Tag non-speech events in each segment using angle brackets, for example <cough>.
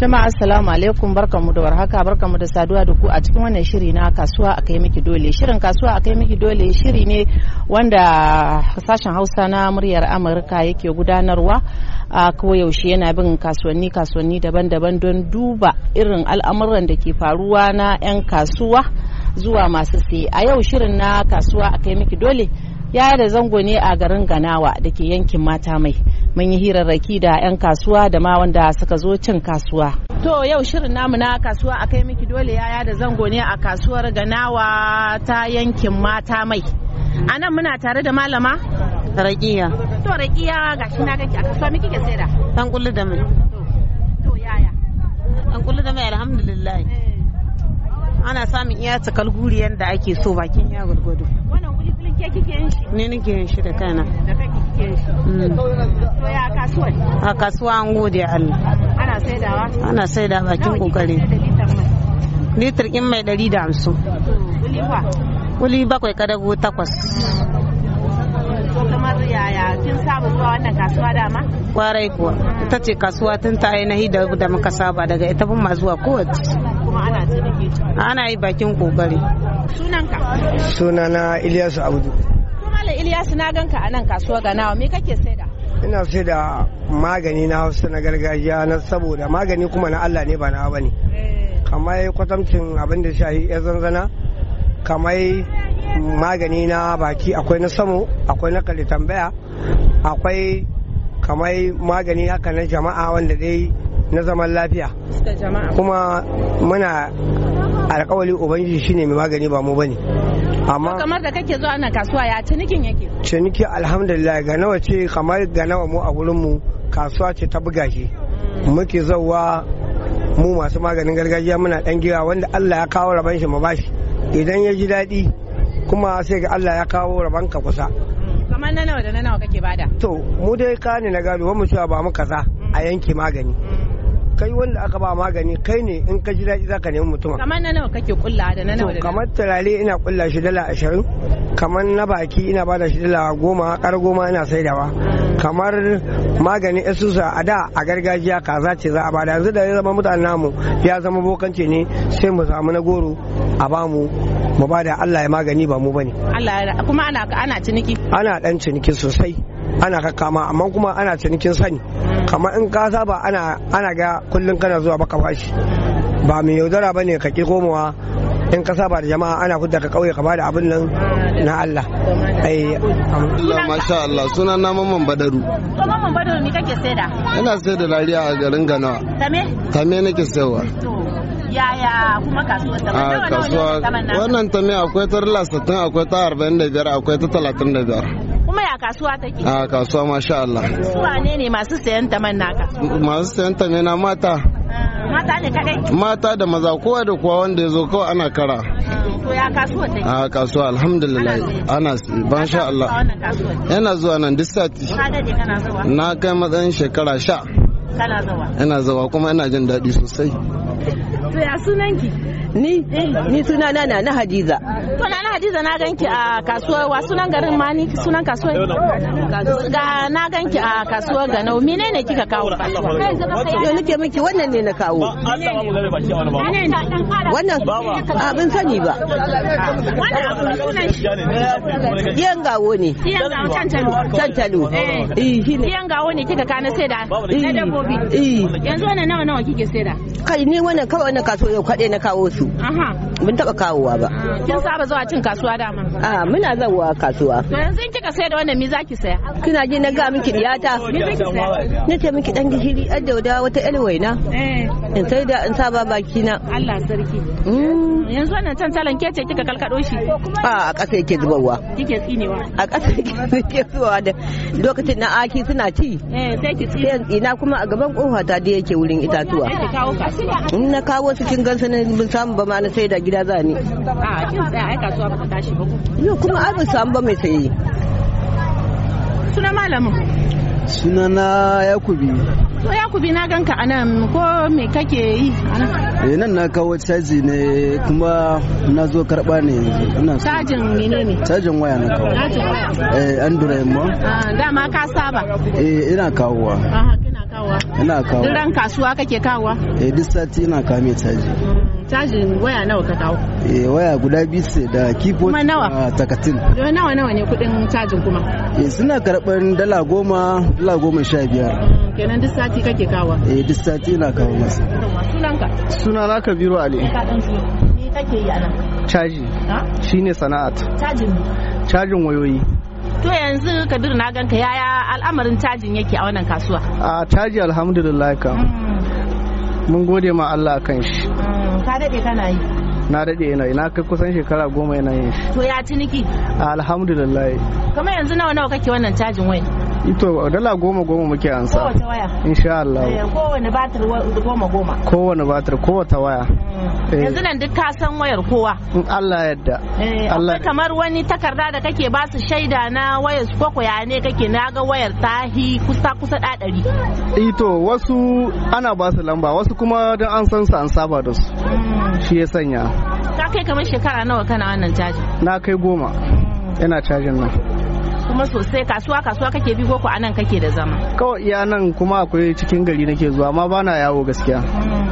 Jama'a assalamu alaikum barkamu da warhaka barkamu da saduwa da ku a cikin wannan shiri na kasuwa kai miki dole. Shirin kasuwa kai miki dole shiri ne wanda sashen Hausa na muryar Amurka yake gudanarwa a koyaushe yana bin kasuwanni kasuwanni daban-daban don duba irin al'amuran da ke faruwa na 'yan kasuwa zuwa masu siye. A yau shirin na kasuwa a kai miki dole ya da zango ne a garin ganawa da ke yankin mata mai mun yi hirarraki da 'yan kasuwa da ma wanda suka zo cin kasuwa to yau shirin namu na kasuwa a kai miki dole yaya da zango ne a kasuwar ganawa ta yankin mata mai a nan muna tare da malama raƙiya to raƙiya ga shi na kake a kasuwa miki ke saida dan kullu da mai to yaya dan kullu da mai alhamdulillah eh. ana samun iya cikal guriyan da ake so bakin ya gurgudu ke kike yin shi ne nake yin shi da kaina da kike yin shi mm. to ya kasuwa a kasuwa an gode Allah ana saidawa ana saida bakin kokari kin mai 150 kuli bakwai kadago takwas kamar yaya kin saba zuwa wannan kasuwa dama? Kwarai kuwa, ita ce kasuwa tun ta ainihi da muka saba daga ita bin ma zuwa kowace. ana yi bakin kokari sunanka sunana Ilyasu Abdu Malam Ilyasu na ganka a nan kasuwa Ganawa me kake saida ina saida da magani na hausa na gargajiya na saboda magani kuma na Allah ne ba na ba ne eh. kamar kwatamcin abin da shayi ya zanzana kamar magani na baki akwai na samu akwai na kalitambaya akwai kamar magani haka na jama'a wanda dai na zaman lafiya kuma muna alkawali ubangiji shine mai magani ba mu bane amma kamar da kake zuwa nan kasuwa ya cinikin yake ciniki alhamdulillah ga nawa ce kamar ga nawa mu a wurin mu kasuwa ce ta buga shi hmm. muke zauwa mu masu maganin gargajiya muna dan gira wanda Allah ya kawo raban shi mu bashi idan ya ji daɗi kuma sai ga Allah ya kawo raban ka kusa hmm. kamar na nawa da na nawa kake bada to mu dai kani na gado mu cewa ba mu kaza a hmm. yanke magani kai wanda aka ba magani kai ne in ka ji daɗi ka nemi mutum kamar na nawa kake kulla da na nawa kamar turare ina kulla shi dala ashirin kamar na baki ina bada shi dala goma kar goma ina saidawa kamar magani asusa a da a gargajiya kaza ce za a bada yanzu da ya zama mutanen namu ya zama bokanci ne sai mu samu na goro a bamu mu bada Allah ya magani ba mu bane Allah kuma ana ana ciniki ana dan ciniki sosai ana kakkama amma kuma ana cinikin sani kamar in ka saba ana ana ga kullum kana zuwa baka bashi ba mai yaudara bane ka ki komowa in ka saba da jama'a ana kudda ka kauye ka bada abin nan na Allah ai eh, Allah masha Allah suna na mamman badaru to mamman badaru me kake saida ina saida lariya a garin Ganawa kame kame nake saiwa yaya kuma kasuwar ta kasuwa wannan ta me akwai ta 60 akwai ta 45 akwai ta 35 A kasuwa take a kasuwa masha Allah Kasuwa ne ne masu sayan taman man naka masu sayan ta na mata ah, mata ne kadai mata da maza kowa da kowa wanda ya zo kawai ana kara ah, to ya kasuwa take a kasuwa alhamdulillah ana ban sha Allah yana zuwa nan duk sati na kai matsayin shekara sha kana zawa ina zawa kuma ina jin daɗi sosai to ya sunanki Ni? Ni suna na na na Hadiza. To na na Hadiza na ganki a kasuwar wa sunan garin ma ni sunan kasuwar? Ga na ganki a kasuwar Ganau. Menene kika kawo? yo nake miki wannan ne na kawo. Wannan abin sani ba. yan gawo ne. Cantalo. Diyan eh. eh, gawo ne kika kana sai da na dabbobi. Eh. Yanzu wannan nawa nawa kike sai da? Kai ni wannan kawai wannan kasuwar yau kaɗai na kawo su. 啊哈。Bin taba kawowa ba kin saba zuwa cin kasuwa dama Ah, muna zawa kasuwa to yanzu in kika sayar da wannan me zaki saya kina ji na ga miki diyata me zaki saya na ce miki dan gishiri adauda wata elwaina eh. in sai da in saba baki na Allah sarki mm. yanzu wannan can talan ke ce kika kalkado shi Ah, a kasa yake zubarwa kike tsinewa a kasa yake zubarwa da lokacin na aki suna ci eh sai ki Ina kuma a gaban kofa ta da yake wurin itatuwa na kawo su kin gansa na bin samu ba ma na sai da gida za ni a kin tsaya ai kasuwa ba ta tashi ba yau kuma ai ba samu ba mai saye suna malamin suna na yakubi to yakubi na ganka anan ko me kake yi anan eh nan na kawo caji ne kuma na zo karba ne ina cajin ne. cajin waya na kawo cajin waya eh android ma ah dama ka saba eh ina kawowa kawowa ina kawo duk ran kasuwa kake kawowa eh duk sati ina kawo mai caji cajin waya nawa ka kawo eh waya guda biyu ce da kifo kuma nawa takatin nawa nawa ne kudin cajin kuma eh suna karban dala goma dala goma sha biyar mm, kenan duk sati kake kawo eh duk sati ina kawo masa sunanka sunana kabiru ali me kake yi anan caji shine sana'at cajin cajin wayoyi to yanzu kadir na ganka yaya al'amarin cajin yake a wannan kasuwa a caji alhamdulillah kam hmm. mun gode ma Allah kan shi hmm. ka dade kana yi na dade yana yi na kai kusan shekara goma yana yin shi to ya ciniki alhamdulillah kamar yanzu nawa nawa kake wannan cajin wai? ito dala goma goma muke ansa kowace waya insha Allah eh, kowane batir goma goma kowane batir wata waya mm. eh. yanzu nan duk ka san wayar kowa in Allah yadda eh, Allah kamar wani takarda da kake ba su shaida na wayar su koko ya ne kake na ga wayar tahi kusa kusa da dari ito wasu ana ba su lamba wasu kuma dan an san su an saba da su mm. shi ya sanya ka kai kamar shekara nawa kana wannan caji na kai goma yana mm. cajin nan kuma sosai kasuwa kasuwa kake bi ko anan kake da zama kawai iya nan kuma akwai cikin gari nake zuwa amma bana yawo gaskiya mm.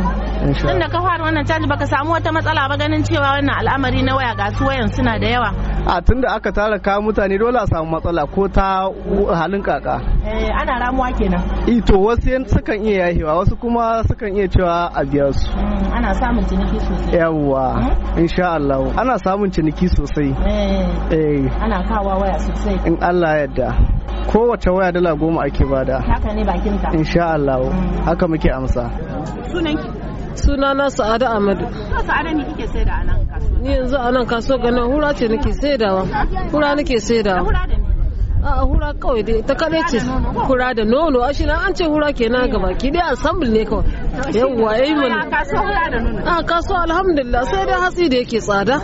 tun da ka fara wannan caji baka samu wata matsala ba ganin cewa wannan al'amari na waya ga su wayan suna da yawa a tun da aka tara kayan mutane dole a samu matsala ko ta halin kaka eh, ana ramuwa kenan ito wasu sukan iya yahewa wasu kuma sukan iya cewa a biya su mm, ana samun ciniki sosai yawwa mm? insha Allah ana samun ciniki sosai eh, eh. ana kawa waya sosai in Allah yadda kowace waya dala goma ake bada haka ne bakin ta insha Allah mm. haka muke amsa sunanki Suna na sa'ada amadu ne kike ni yanzu a nan kaso ganin hura ce nake saidawa hura nake saidawa a hura kawai dai ta kaɗai ce hura da nono a shina an ce hura na gaba ki dai assembly ne kawai yawwa yi eh, mana a kasuwa alhamdulillah sai dai hatsi da yake tsada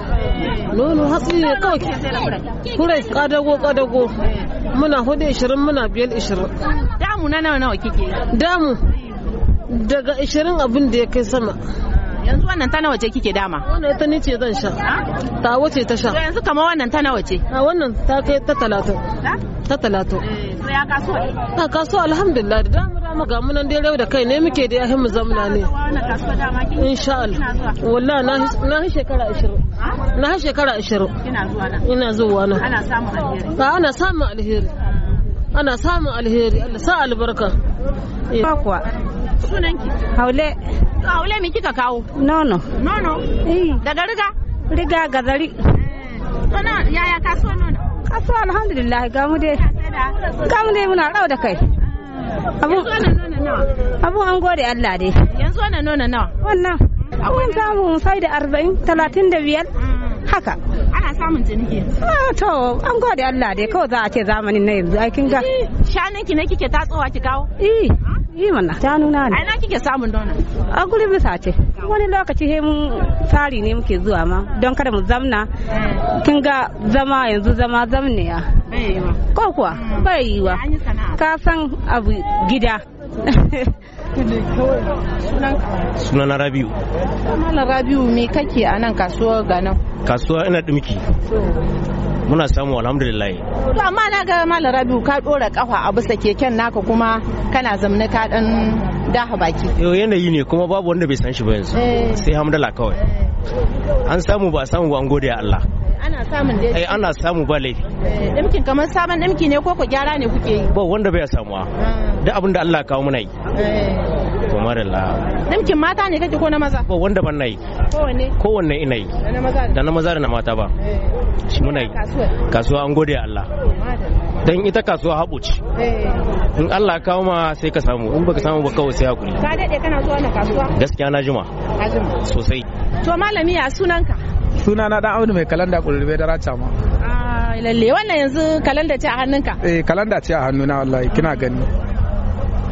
nono hatsi ne kawai kurai kadago kadago eh. muna hudu ishirin muna biyar ishirin damu na nawa nawa kike damu daga 20 abin da ya kai sama yanzu wannan ta nawa ce kike dama wannan ita ni ce zan sha ta wace ta sha yanzu kama wannan ta nawa ce a wannan ta kai ta talatin ta talatin eh, ya kasuwa ta kasuwa alhamdulillah da dama ga munan dai rau da kai ne muke da yahin mu zamna ne insha Allah wallahi na na shekara 20 na shekara 20 ina zuwa nan ina zuwa nan ana samun alheri ana samun alheri ah. ana samun alheri Allah sa albarka eh. kuwa sunanki? Haule. Haule me kika kawo? Nono. Nono? Mm. Daga riga? Riga gazari. zari. Sana eh. yaya kasuwa nono? Kasuwa alhamdulillah ga mu dai. Ga mu dai muna rau da kai. Eh. Abu Abu an gode Allah dai. Yanzu wannan nono nawa? Wannan. Abu'n samu sai da arba'in talatin da biyar. Mm. Haka. samun ciniki. Ah, to an gode Allah dai kawai za a ce zamanin na yanzu aikin ga. Shanin ki ne kike tatsowa ki kawo? Eh. Yi mana. Ta nuna ne. A ina kike samun donut? A guri bisa ce. Wani lokaci he mun tsari ne muke zuwa ma don kada mu zamna. Eh. Kin ga zama yanzu zama zamniya. Ko kuwa bai wa Ka san abu gida. <laughs> Sunan Rabiu. Sunan Rabiu me kake a nan kasuwar Ganau? Kasuwa ina dumki. muna samu alhamdulillah to amma na ga malam rabiu ka dora kafa a bisa keken naka kuma kana zamne ka dan daha baki yanayi ne kuma babu wanda bai san shi ba yanzu eh. sai hamdala kawai eh. an samu ba samu ba an gode Allah ana samun dai ana samu ba laifi eh, dimkin kamar sabon dimki ne ko ku gyara ne kuke yi ba wanda bai samuwa ah. da abin da Allah ya kawo muna yi eh. to marilla dimkin mata ne kake ko na maza ba wanda ban na yi kowanne kowanne ina yi da na maza da na mata ba eh. shi muna yi kasuwa an gode Allah dan ita kasuwa haɓu ce in Allah kawo ma sai ka samu in baka samu ba kawai sai hakuri ka daɗe kana zuwa na kasuwa gaskiya na juma sosai to malami ya sunanka suna na dan audu mai kalanda kulurbe da racha ma ah, lalle wannan yanzu kalanda ce a hannunka eh kalanda ce a hannuna wallahi kina gani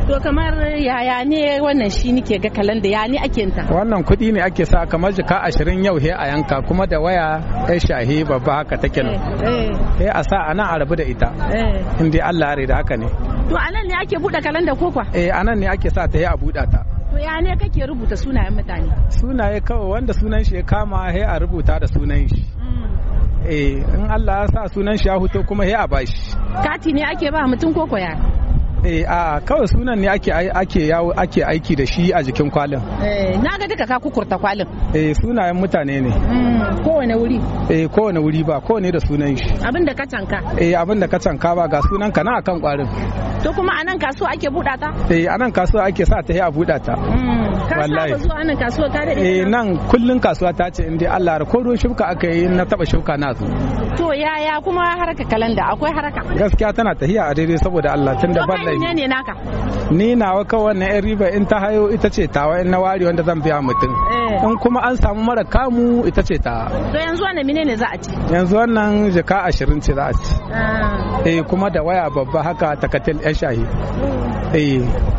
to kamar yaya ne wannan shi nike ga kalanda ya ni ake ta wannan kuɗi ne ake sa kamar jika ashirin yau he a yanka kuma da waya ya shahi babba haka take nan eh, eh. a sa ana arabu da ita eh inda Allah ya da haka ne to anan ne ake buɗe kalanda ko kwa eh anan ne ake sa ta yi a buɗa ta To ya ne kake rubuta sunayen mutane? Sunaye kawai wanda sunan shi ya kama he a rubuta da sunan shi. Mm. Eh in Allah ya sa sunan shi ya huto kuma he a bashi. Kati ne ake ba mutum ko koya? eh a kawai sunan ne ake ake yawo ake aiki da shi a jikin kwalin eh, na ga duka ka kukurta kwalin eh sunayen mutane ne mm, kowane wuri eh kowane wuri ba kowane da sunan shi abin da ka canka eh abin da ka canka ba ga sunan ka na akan kwarin to kuma anan kasuwa ake buɗa ta eh anan kasuwa ake sa ta yi a buɗa ta mm, wallahi kasuwa anan kasuwa ka dade eh nan kullun kasuwa ta ce inda Allah ya ko ruwan shuka aka yi na taba shuka na zo to yaya kuma haraka kalanda akwai haraka gaskiya tana tahiya a daidai saboda Allah tunda ban laifi ne naka ni nawa kawai wannan yan riba in ta hayo ita ce tawa in na ware wanda zan biya mutum eh. in kuma an samu mara kamu ita ce ta to yanzu wannan ne za a ci yanzu wannan jaka ashirin ce za a ci ah. eh kuma da waya babba haka takatil ya shahi mm. eh